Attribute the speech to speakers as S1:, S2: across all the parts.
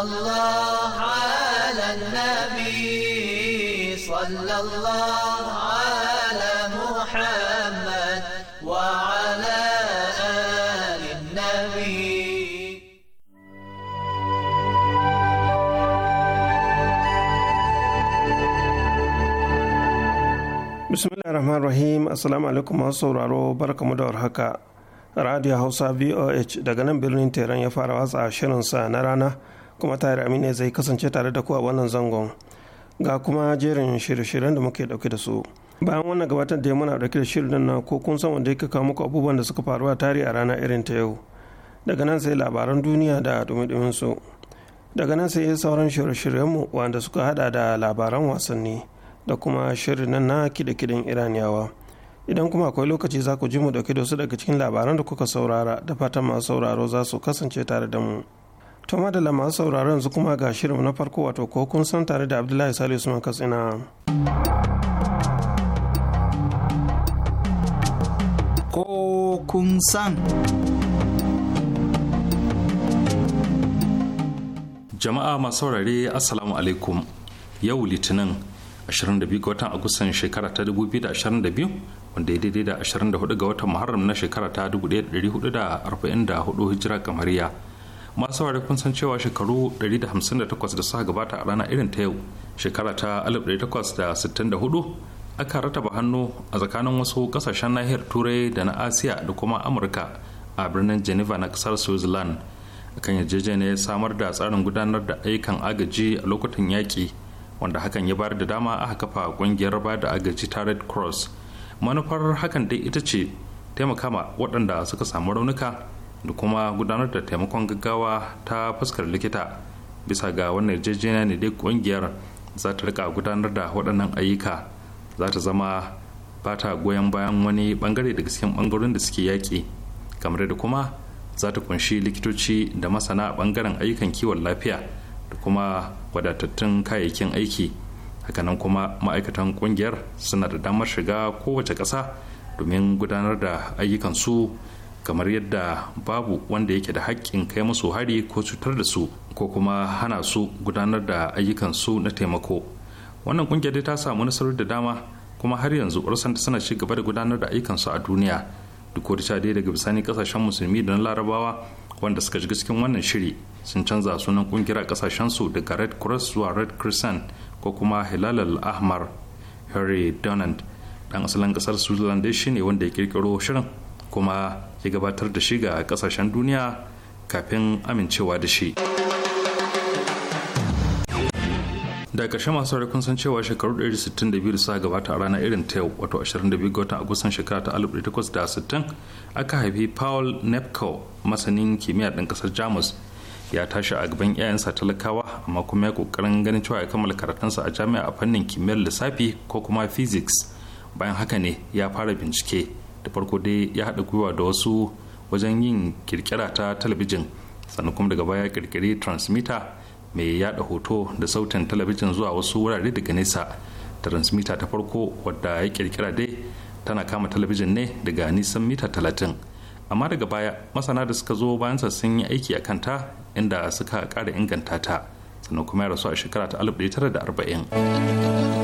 S1: الله على النبي صلى الله على محمد وعلى آل النبي
S2: بسم الله الرحمن الرحيم السلام عليكم ورحمة الله وبركاته Radio Hausa VOH daga nan birnin Teran ya fara watsa shirinsa na rana. kuma tayar amina zai kasance tare da ku a wannan zangon ga kuma jerin shirye-shiryen da muke dauke da su bayan wannan gabatar da muna dauke da shirin nan ko kun san wanda yake kawo muku abubuwan da suka faru a tare a rana irin ta yau daga nan sai labaran duniya da dumi dumin su daga nan sai sauran shirye-shiryenmu shiryen wanda suka hada da labaran wasanni da kuma shirin nan na kide-kiden iraniyawa idan kuma akwai lokaci za ku ji mu dauke da su daga cikin labaran da kuka saurara da fatan masu sauraro za su kasance tare da mu. To madalla masu sauraron su kuma ga shirin na farko wato ko kun san tare da Abdullahi Salisu Usman Katsina.
S1: Ko kun san.
S3: Jama'a masu saurare Assalamu alaikum. Yau Litinin 22 ga watan Agustan shekara ta 2022 wanda ya daidai da 24 ga watan Muharram na shekara ta 1444 Hijira kamariya. masu saurari kun san cewa shekaru 158 da suka gabata a rana irin ta yau shekara ta 1864 aka rataba hannu a tsakanin wasu kasashen nahiyar turai da na asiya da kuma amurka a birnin geneva na kasar switzerland akan yarjejeniyar samar da tsarin gudanar da ayyukan agaji a lokutan yaƙi wanda hakan ya bayar da dama aka kafa ƙungiyar ba da agaji ta red cross manufar hakan dai ita ce taimaka ma waɗanda suka samu raunuka da kuma gudanar da taimakon gaggawa ta fuskar likita bisa ga wannan yarjejeniya ne dai kungiyar za ta rika gudanar da waɗannan ayyuka za ta zama ba ta goyon bayan wani bangare daga cikin bangaren da suke yaƙi kamar da kuma za ta kunshi likitoci da masana bangaren ayyukan kiwon lafiya da kuma wadatattun kayayyakin aiki hakanan kuma ma'aikatan kungiyar suna da damar shiga kowace ƙasa domin gudanar da ayyukansu kamar yadda babu wanda yake da haƙƙin kai musu hari ko cutar da su ko kuma hana su gudanar da ayyukansu na taimako wannan ƙungiyar ta samu nasarar da dama kuma har yanzu ursanta suna ci gaba da gudanar da ayyukansu a duniya duk wata sha daga bisani kasashen musulmi da na larabawa wanda suka shiga cikin wannan shiri sun canza sunan ƙungiyar a su daga red cross zuwa red crescent ko kuma hilal al-ahmar harry donald dan asalin kasar switzerland shi ne wanda ya kirkiro shirin kuma ya gabatar da shi ga kasashen duniya kafin amincewa da shi da ƙarshe masu sauri kun san cewa shekaru 162 da suka gabata a ranar irin ta yau wato 22 ga watan agustan shekara ta 1860 aka haifi paul nepko masanin kimiyya ɗan ƙasar jamus ya tashi a gaban 'ya'yansa talakawa amma kuma ya kokarin ganin cewa ya kammala karatunsa a jami'a a fannin kimiyyar lissafi ko kuma physics bayan haka ne ya fara bincike da farko dai ya haɗa gwiwa da wasu wajen yin kirkira ta talabijin sannan kuma daga baya kirkiri transmitter mai yada hoto da sautin talabijin zuwa wasu wurare daga nesa transmitter ta farko wadda ya kirkira dai tana kama talabijin ne daga nisan mita talatin amma daga baya masana da suka zo bayan sun yi aiki a kanta inda suka ƙara inganta ta sannan kuma ya rasu a shekara ta 1940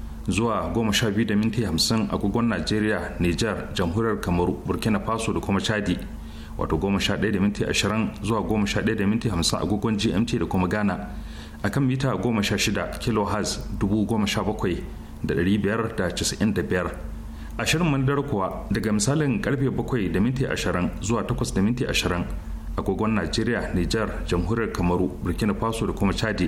S3: zuwa goma sha biyu agogon najeriya niger jamhuriyar kamaru burkina faso da kuma chadi wato goma sha ɗaya da zuwa goma sha ɗaya agogon gmt da kuma ghana a kan mita goma sha shida kilohertz dubu goma bakwai da biyar da biyar ashirin manadar kuwa daga misalin karfe bakwai da minti ashirin zuwa takwas da minti ashirin agogon najeriya niger jamhuriyar kamaru burkina faso da kuma chadi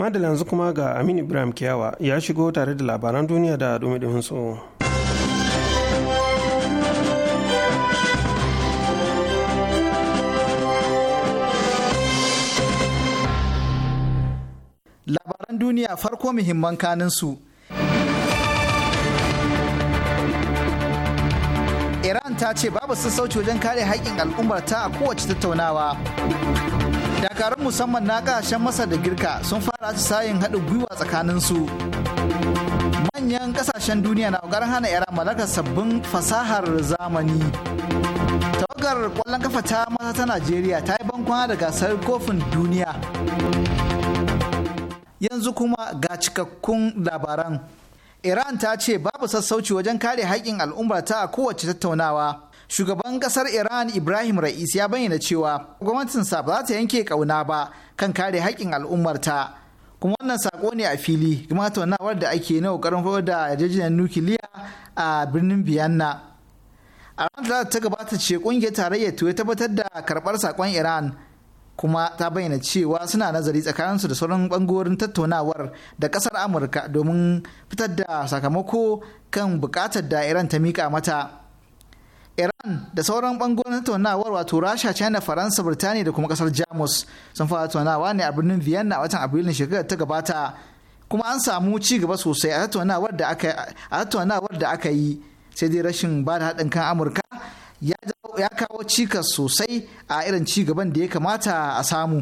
S2: madalla yanzu kuma ga amin ibrahim kiyawa ya shigo tare da labaran duniya da dumi su.
S4: labaran duniya farko muhimman kanin su iran ta ce babu sassauci wajen kare haƙƙin al'ummarta a kowace tattaunawa dakarun musamman na kasashen masa da girka sun fara sayin haɗin gwiwa tsakanin su manyan kasashen duniya na ƙoƙarin hana yara mallakar sabbin fasahar zamani tawagar ƙwallon kafa ta mata ta najeriya ta yi bankwana da gasar kofin duniya yanzu kuma ga cikakkun labaran iran ta ce babu sassauci wajen kare haƙƙin al'ummar ta kowace tattaunawa shugaban kasar iran ibrahim ra'is ya bayyana cewa gwamnatinsa ba za ta yanke kauna ba kan kare haƙƙin al'ummarta kuma wannan sako ne a fili game tattaunawar da ake na ƙoƙarin fawar da yarjejeniyar nukiliya a birnin biyanna a ranar da ta gabata ce ƙungiyar tarayyar turai tabbatar da karɓar sakon iran kuma ta bayyana cewa suna nazari tsakanin su da sauran bangorin tattaunawar da kasar amurka domin fitar da sakamako kan buƙatar da iran ta mika mata iran da sauran bangon tattaunawar wato rasha china faransa birtaniya da kuma kasar jamus sun fara tattaunawa ne a birnin vienna a watan abrilun shekarar ta gabata kuma an samu ci gaba sosai a tattaunawar da aka yi sai dai rashin ba da haɗin kan amurka ya kawo cikas sosai a irin ci gaban da ya kamata a samu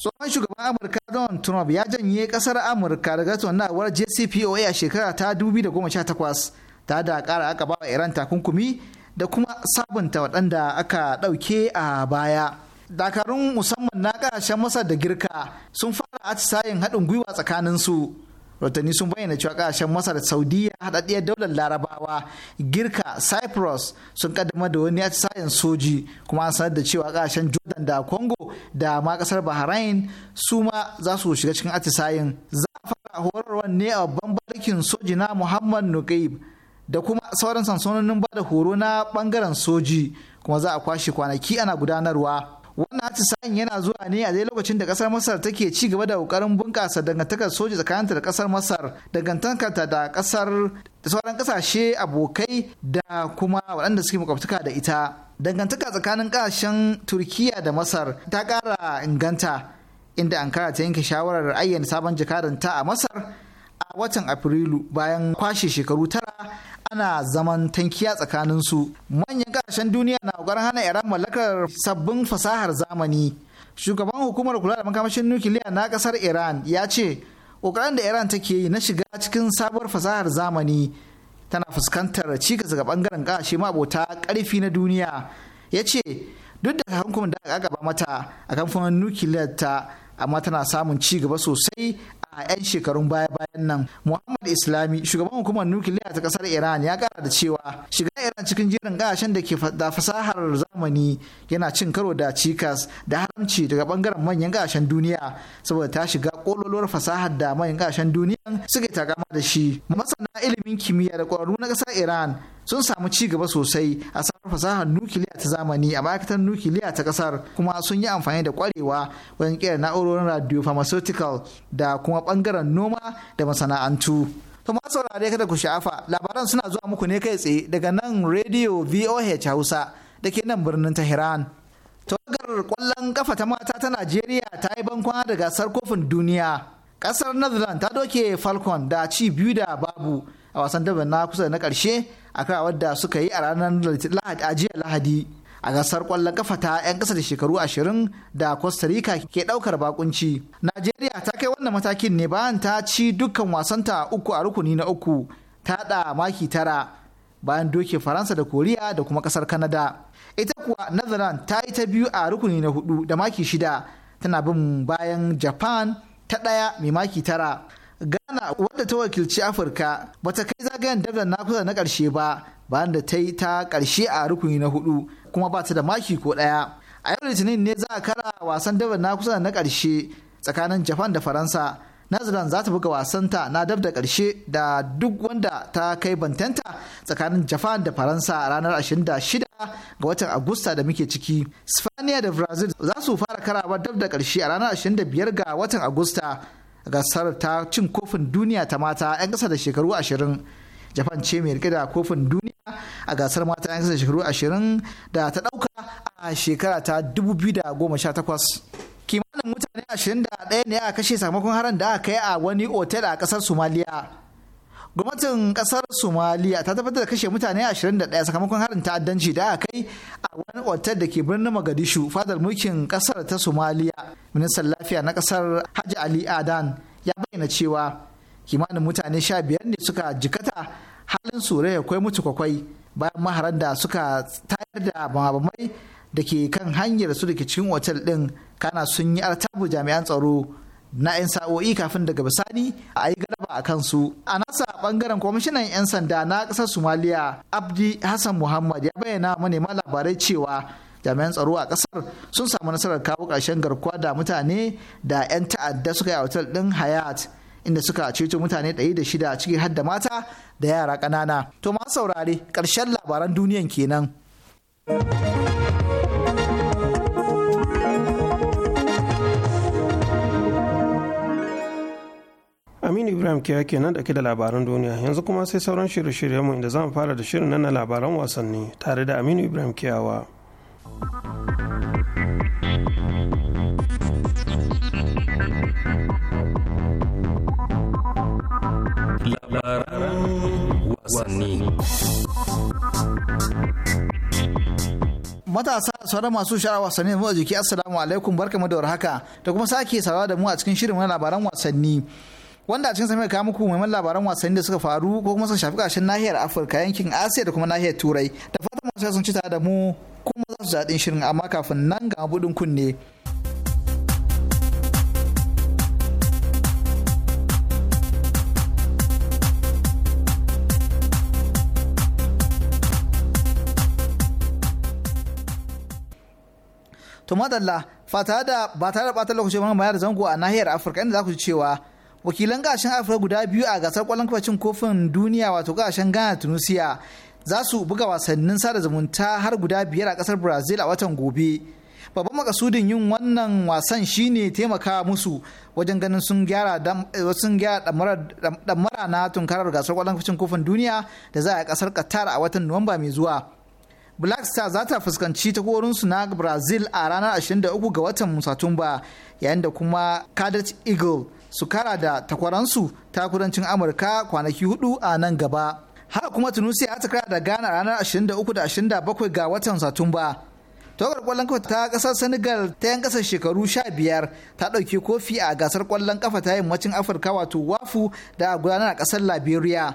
S4: tsohon shugaban amurka donald trump ya janye kasar amurka daga tattaunawar jcpoa a shekara ta 2018 ta da kara aka ba iran takunkumi da kuma sabunta waɗanda aka ɗauke a baya. Dakarun musamman na ƙasashen Masar da Girka sun fara atisayen haɗin gwiwa tsakaninsu. Rotani sun bayyana cewa ƙasashen Masar Saudiya haɗaɗɗiyar daular Larabawa, Girka, Cyprus sun kaddama da wani atisayen soji kuma an sanar da cewa ƙasashen Jordan da Congo da ma ƙasar Bahrain su ma za su shiga cikin atisayen. Za a fara horarwa ne a babban barkin soji na Muhammad Nukaib da kuma sauran sansanonin ba da horo na bangaren soji kuma za a kwashe kwanaki ana gudanarwa wannan atisayen yana zuwa ne a dai lokacin da kasar masar take ci gaba da kokarin bunkasa dangantakar soji tsakaninta da kasar masar dangantakarta da kasar da sauran kasashe abokai da kuma waɗanda suke makwabtaka da ita dangantaka tsakanin kasashen turkiya da masar ta kara inganta inda ankara ta yanke shawarar ayyana sabon jakadanta a masar watan afrilu bayan kwashe shekaru tara ana zaman tankiya tsakaninsu manyan ƙarshen duniya na ƙoƙarin hana iran mallakar sabbin fasahar zamani shugaban hukumar kula da makamashin nukiliya na ƙasar iran ya ce ƙoƙarin da iran take yi na shiga cikin sabuwar fasahar zamani tana fuskantar cikas ga bangaren kashe mabota karfi na duniya ya ce duk da hankumin da aka gaba mata a kamfanin nukiliyar ta amma tana samun ci gaba sosai a 'yan shekarun baya-bayan nan muhammad islami shugaban hukumar nukiliya ta kasar iran ya kara da cewa shiga iran cikin jerin gashin da ke da fasahar zamani yana cin karo da cikas da haramci daga bangaren manyan gashin duniya saboda ta shiga kololuwar fasahar da manyan gashin duniya suke takama da shi masana ilimin kimiyya da kwararru na kasar iran sun samu ci gaba sosai a samar fasahar nukiliya ta zamani a ma'aikatar nukiliya ta kasar kuma sun yi amfani da kwarewa wajen kera na'urorin radio pharmaceutical da kuma bangaren noma da masana'antu. To masu saurare kada ku sha'afa labaran suna zuwa muku ne kai tsaye daga nan radio VOH Hausa da ke nan birnin Tehran. Tawagar kwallon kafa ta mata ta Najeriya ta yi bankwana da gasar kofin duniya. Kasar Netherlands ta doke Falcon da ci biyu da babu a wasan daban na kusa da na karshe akan wadda suka yi a ranar ajiyar lahadi a gasar kwallon kafa ta 'yan kasa da shekaru ashirin da costa rica ke daukar bakunci najeriya ta kai wannan matakin ne bayan ta ci dukkan wasanta uku a rukuni na uku ta da maki tara bayan doke faransa da koriya da kuma kasar Kanada. ita kuwa netherlands ta yi ta biyu a rukuni na hudu da maki shida tana bin bayan japan ta daya mai maki tara ghana wadda ta wakilci afirka ba ta kai zagayen dabda na kusa na karshe ba bayan da ta yi ta karshe a rukuni na hudu kuma ba ta da maki ko daya a yau litinin ne za a kara wasan dabda na kusa na karshe tsakanin japan da faransa Netherlands za ta buga wasanta na dab da ƙarshe da duk wanda ta kai bantanta tsakanin Japan da Faransa a ranar 26 ga watan Agusta da muke ciki. Spaniya da Brazil za su fara karawa dab da ƙarshe a ranar 25 ga watan Agusta gasar ta cin kofin duniya ta mata 'yan kasa da shekaru ashirin japan ce mai rike da kofin duniya a gasar mata 'yan kasa da shekaru ashirin da ta dauka a shekara ta 2018 kimanin mutane 21 ne a kashe sakamakon harin da aka kai a wani otel a ƙasar somaliya gwamnatin kasar somaliya ta tabbatar da kashe mutane 21 sakamakon harin ta'addanci da aka kai a wani otal da ke birnin magadishu fadar mulkin kasar ta somaliya ministan lafiya na kasar hajji ali adan ya bayyana cewa kimanin mutane 15 ne suka jikata halin surai kwai mutu kwakwai bayan maharan da suka tayar da bamabamai da ke kan hanyar su da ke cikin otal din kana sun yi artabu jami'an tsaro na 'yan sa'o'i kafin daga bisani a yi garaba a kansu a nasa bangaren kwamishinan 'yan sanda na ƙasar somaliya abdi hassan muhammad ya bayyana manema labarai cewa jami'an tsaro a ƙasar sun samu nasarar kawo ƙarshen garkuwa da mutane da 'yan ta'adda suka yi a otal ɗin hayat inda suka ceto mutane ɗari ciki har da mata da yara ƙanana to ma saurare ƙarshen labaran duniyan kenan.
S2: ibrahim ke kenan da ke da labaran duniya yanzu kuma sai sauran shirye mu inda zamu fara da shirin nan na labaran wasanni tare da aminu ibrahim kiyawa
S5: labaran
S4: matasa sauran masu shara wasanni motsa jiki assalamu alaikum barka da warhaka da kuma sake saurara da mu a cikin shirin wani labaran wasanni wanda a cikin sa kawo muku muhimman labaran wasanni da suka faru ko kuma suka shafi kashin nahiyar Afirka yankin Asiya da kuma nahiyar Turai da fatan masu sun ci tare da mu kuma za su daɗin shirin amma kafin nan ga budin kunne. To madalla ba tare da ɓata lokaci ba bayar zango a nahiyar Afirka inda za ku ji cewa wakilan gashin afirka guda biyu a gasar kwallon cin kofin duniya wato gashin ghana tunisia za su buga wasannin sada zumunta har guda biyar a kasar brazil a watan gobe babban makasudin yin wannan wasan shine taimaka musu wajen ganin sun gyara eh, sun gyara damara na tunkarar gasar kwallon cin kofin duniya da za a kasar qatar a watan nuwamba mai zuwa black star za ta fuskanci takwarorinsu na brazil a ranar 23 ga watan satumba yayin da kuma cadet eagle su kara da takwaransu ta kudancin amurka kwanaki hudu a nan gaba haka kuma tunisia ta kara da ghana ranar 23 da 27 ga watan satumba tawagar kwallon kafa ta kasar senegal ta yan kasar shekaru 15 ta ɗauki kofi a gasar kwallon kafa ta yammacin afirka wato wafu da gudanar a kasar liberia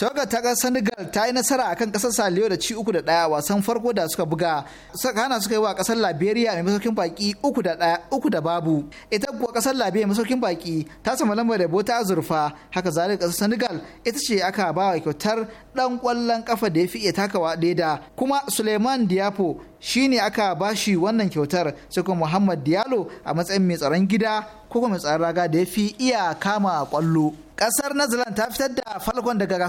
S4: toga ta ga senegal ta yi nasara akan kasar saliyo da ci uku da daya wasan farko da suka buga suka suka yi wa kasar liberia mai masaukin baki uku da daya uku da babu ita kuwa kasar liberia mai masaukin baki ta samu lamba da bota azurfa haka zalika kasar senegal ita ce aka ba wa kyautar ɗan kwallon kafa da ya fi iya takawa leda kuma suleiman diapo shine aka ba shi wannan kyautar sai kuma muhammad diallo a matsayin mai tsaron gida ko kuma mai tsaron raga da ya fi iya kama kwallo. kasar Netherlands ta fitar da falcon daga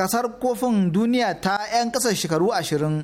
S4: gasar kofin duniya ta 'yan kasar shekaru ashirin.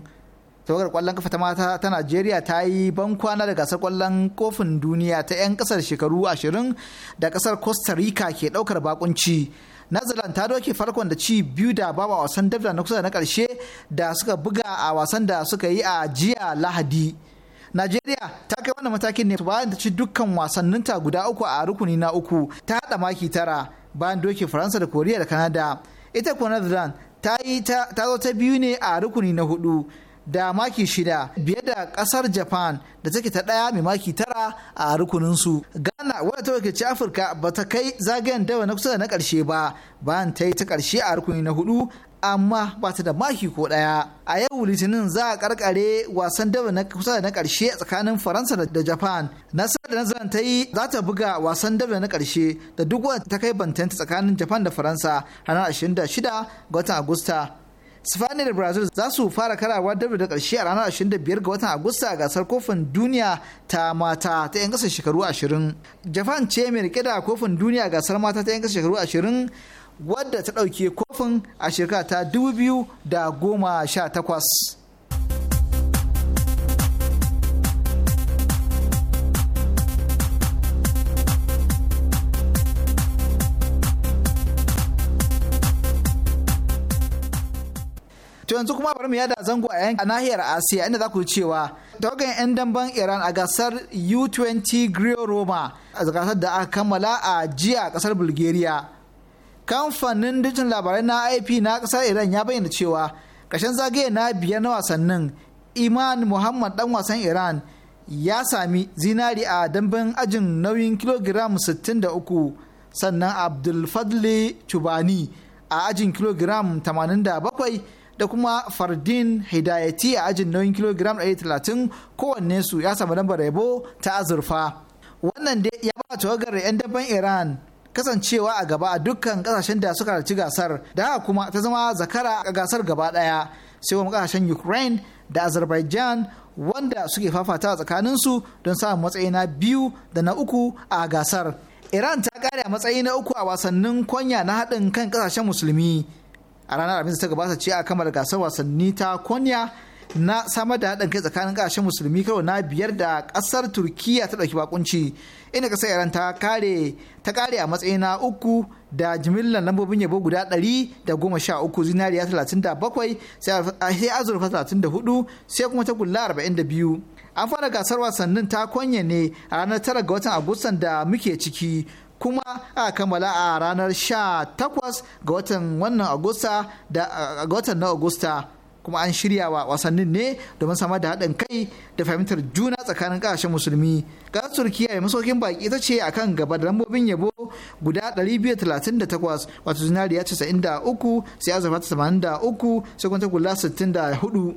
S4: tawagar kwallon kafa ta mata ta Najeriya ta yi ban kwana da gasar kwallon kofin duniya ta 'yan kasar shekaru 20 da kasar Costa Rica ke daukar bakunci. Nazalan ta doke farkon da ci biyu da baba wasan dabda na kusa na karshe da suka buga a wasan da suka yi a jiya Lahadi. Najeriya ta kai wannan matakin ne bayan ta ci dukkan wasanninta guda uku a rukuni na uku ta hada maki tara bayan doke Faransa da Koriya da Kanada. Ita kuwa Netherlands ta yi ta zo ta biyu ne a rukuni na hudu da maki shida biye da kasar Japan da take ta daya mai maki tara a rukuninsu. Ghana wadda ta wakilci Afirka ba ta kai zagayen dawa na kusa da na karshe ba bayan ta yi ta karshe a rukuni na hudu amma ba ta da maki ko ɗaya. A yau Litinin za a karkare wasan daba na kusa da na ƙarshe tsakanin Faransa da Japan. Nasarar da nasarar ta yi za ta buga wasan daba na ƙarshe da duk wanda ta kai bantanta tsakanin Japan da Faransa ranar 26 ga watan Agusta. Sifani da Brazil za su fara karawa dawa da ƙarshe a ranar 25 ga watan Agusta a gasar kofin duniya ta mata ta 'yan ƙasar shekaru 20. Japan ce mai rike da kofin duniya gasar mata ta 'yan ƙasar shekaru 20 wadda ta ɗauke kofin a shekara ta 2018. To yanzu kuma bari mu yada zango a yankin nahiyar Asiya inda za ku cewa tawagan 'yan damben Iran a gasar U20 Grio Roma a gasar da aka kammala a jiya a kasar Bulgaria. kamfanin dijin labarai na ip na kasar iran ya bayyana cewa ƙarshen zagaye na biyar na wasannin iman muhammad dan wasan iran ya sami zinari a dambin ajin nauyin kilogiram 63 sannan abdulfadli cubani a ajin kilogiram 87 da kuma fardin hidayati a ajin nauyin kilogiram 130 kowanne su ya sami lambar yabo ta azurfa wannan dai ya ba tawagar 'yan dabban iran kasancewa a gaba a dukkan kasashen da suka rarci gasar da haka kuma ta zama zakara a gasar gaba daya sai kuma kasashen ukraine da azerbaijan wanda suke fafata tsakaninsu don samun matsayi na biyu da na uku a gasar iran ta kare a matsayi na uku a wasannin kwanya na haɗin kan kasashen musulmi a ranar abin ta gabata ce a kamar gasar wasanni ta kwanya na samar da haɗin kai tsakanin ƙasashen musulmi karo na biyar da ƙasar turkiyya ta ɗauki bakunci inda ƙasar iran ta kare ta kare a matsayi na uku da jimillar lambobin yabo guda ɗari da goma sha uku zinariya talatin da bakwai sai azurfa talatin da hudu sai kuma ta arba'in da biyu an fara gasar wasannin ta kwanya ne a ranar tara ga watan agustan da muke ciki kuma a kammala a ranar sha takwas ga watan wannan agusta da ga watan na agusta kuma an shirya wa wasannin ne domin samar da haɗin kai da fahimtar juna tsakanin ƙasashen musulmi ƙasar turkiya mai masaukin baki ita ce akan gaba da lambobin yabo guda 238 wato zinariya 93 sai azurfa 83 sai kwanta kula 64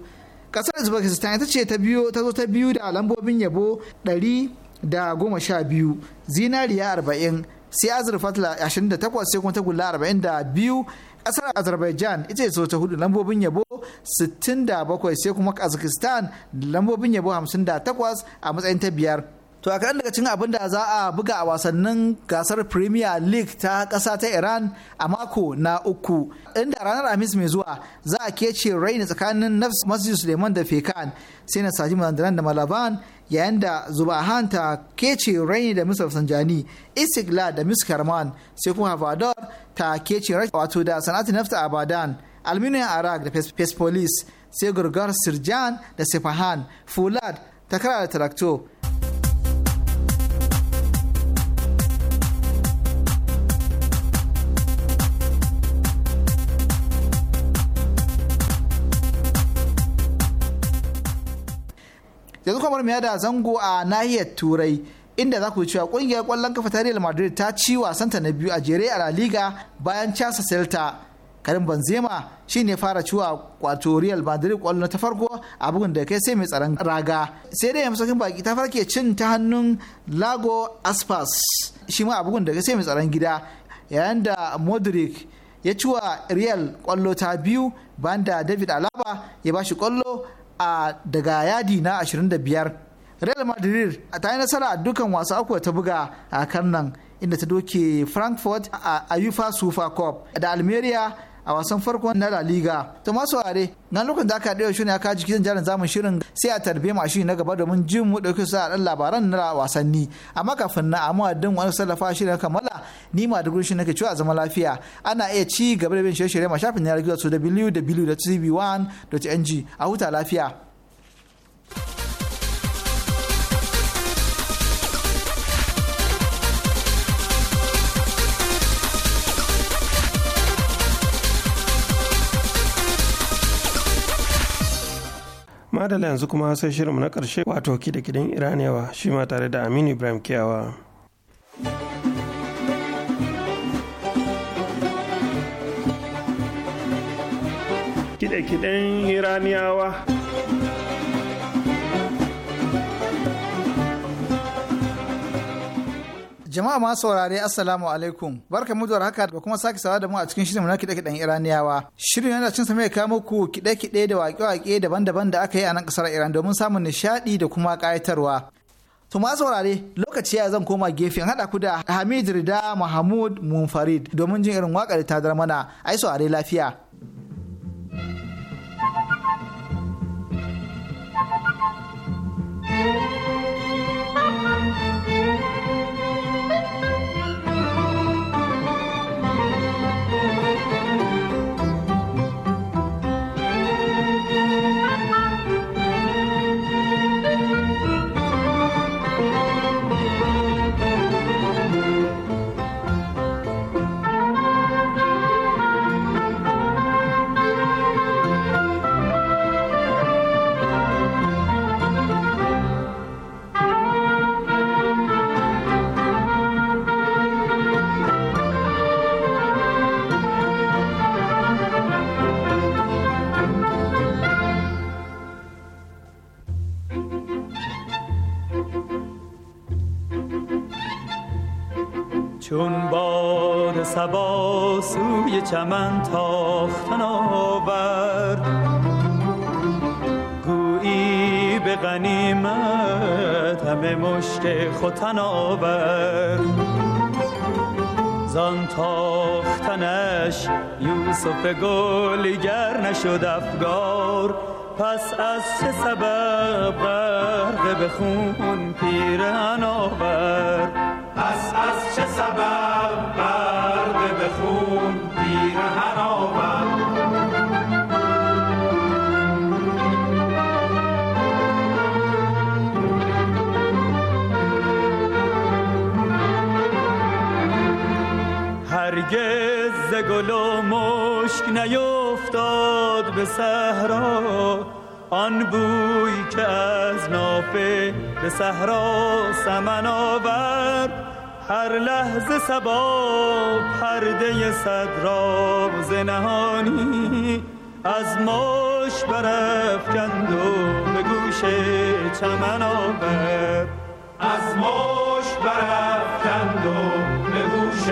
S4: ƙasar uzbekistan ita ce ta biyo ta zo ta biyu da lambobin yabo 112 zinariya 40 sai azurfa 28 sai kwanta kula 42 kasar azerbaijan ita ce ta hudu lambobin yabo 67 sai kuma kazakhstan lambobin yabo 58 a matsayin ta biyar to a kaɗan daga cikin abin da za a buga a wasannin gasar premier league ta ƙasa ta iran a mako na uku inda ranar amis mai zuwa za a kece raini tsakanin nafs masjid suleiman da fekan sai na saji da malaban yayin da zuba Zubahan ta kece Raini da Misra Sanjani, isigla da Miss sai kuma Havador ta kece wato da sanatin Nafta Abadan, Aluminium Arak da Persepolis, sai Gurgar Sirjan da Sefahan, Fulad ta kara da Tarakto, kamar mu da zango a nahiyar Turai inda za ku cewa kungiyar kwallon kafa ta Real Madrid ta ci wasanta na biyu a jere a La Liga bayan casa Celta. Karim Benzema shine fara ciwa kwato Real Madrid kwallo ta farko a bugun da kai sai mai tsaron raga. Sai dai kin baki ta farke cin ta hannun Lago Aspas shi ma a bugun da kai sai mai tsaron gida yayin da Modric ya ciwa Real kwallo ta biyu bayan da David Alaba ya bashi kwallo a daga yadi na 25 real madrid ta yi nasara a wasa wasu akuwa ta buga a kan nan inda ta doke frankfurt a ayufa super cup da almeria a wasan farko na La Liga. To masu ware, na lokacin da aka ɗaya shirin aka jiki zan jarin zamun shirin sai a tarbe mu a shirin na gaba domin jin mu ɗauki su a ɗan labaran na wasanni. Amma kafin na amma din wani sallafa shirin kammala ni ma da gurshin nake cewa zama lafiya. Ana iya ci gaba da bin shirye-shirye ma shafin yanar gizo su www.tv1.ng a huta lafiya.
S2: da yanzu kuma sai shirinmu na ƙarshe wato kidan iraniyawa shi ma tare da aminu ibrahim kiyawa Kiɗe-kiɗen
S1: iraniyawa
S4: Jama'a ma saurare Assalamu alaikum. Barka mu da haka da kuma sake sawa da mu a cikin shirin na kiɗe-kiɗen Iraniyawa. Shirin yana cin mai kawo muku kiɗe-kiɗe da waƙe-waƙe daban-daban da aka yi a nan ƙasar Iran domin samun nishaɗi da kuma ƙayatarwa. To ma saurare lokaci ya zan koma gefe haɗa ku da Hamid Rida Mahmud Munfarid domin jin irin waƙar ta dar mana ai saurare lafiya.
S5: thank you
S1: سوی چمن تاختن آورد گویی به غنیمت همه مشک خوتن آورد زان تاختنش یوسف گلگر نشد افگار پس از چه سبب غرق به خون پیرهن آورد پس از چه سبب غرق به خون هرگز گل و مشک نیفتاد به صحرا آن بوی که از نافه به صحرا سمن آورد هر لحظه سبا پرده صد راز نهانی از ماش کند و به گوش چمن از ماش کند و به گوش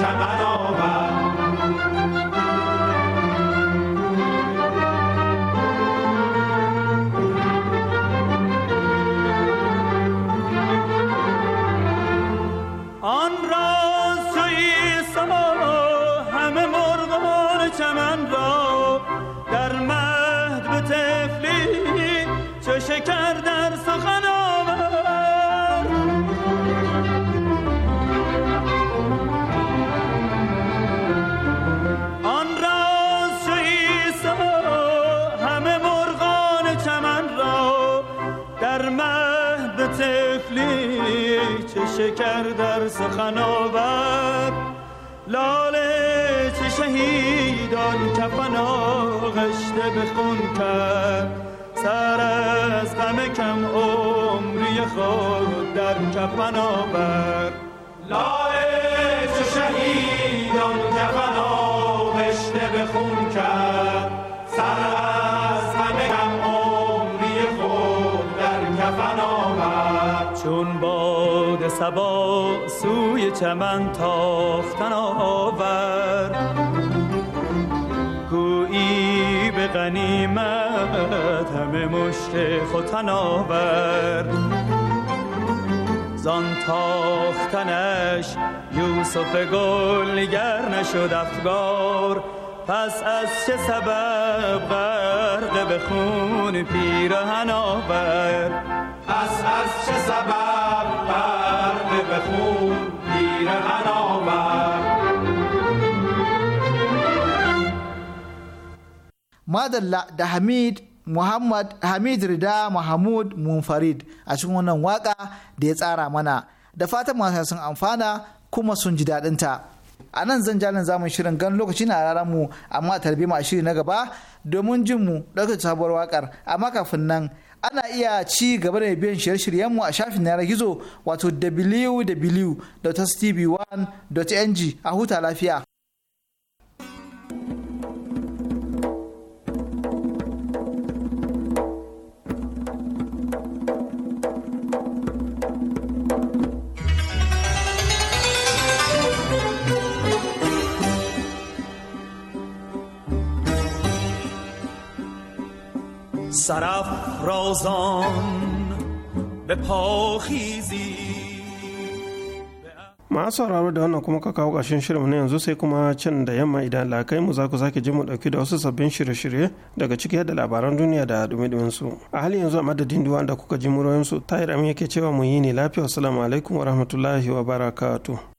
S1: چمن آورد کفن آور لاعش کفن به خون کرد سر از همه عمری خود در کفن آورد چون باد سبا سوی چمن تاختن آورد به غنیمت همه مشت خود آور زان تاختنش یوسف گل گر نشد افگار پس از چه سبب غرق به خون پیرهن آور پس از چه سبب غرق به خون پیرهن آور
S4: در لعده Muhammad Hamid Rida Mahmud Munfarid a cikin wannan waka da ya tsara mana da fatan masu sun amfana kuma sun ji daɗin ta. A nan zan jalin zamun shirin gan lokaci na raran mu amma mu a shiri na gaba domin jin mu ɗaukar sabuwar wakar amma kafin nan ana iya ci gaba da biyan shirye mu a shafin yanar gizo wato www.tv1.ng a huta lafiya.
S1: سرف رازان به پاخیزی
S2: masu sauraro da wannan kuma ka kawo ƙarshen shirin na yanzu sai kuma can da yamma idan lakai mu za ku sake ji mu ɗauki da wasu sabbin shirye-shirye daga ciki da labaran duniya da dumi su a halin yanzu a madadin duwan da kuka ji muryoyin su tayar amin yake cewa mu yi ne lafiya assalamu alaikum wa rahmatullahi wa barakatuh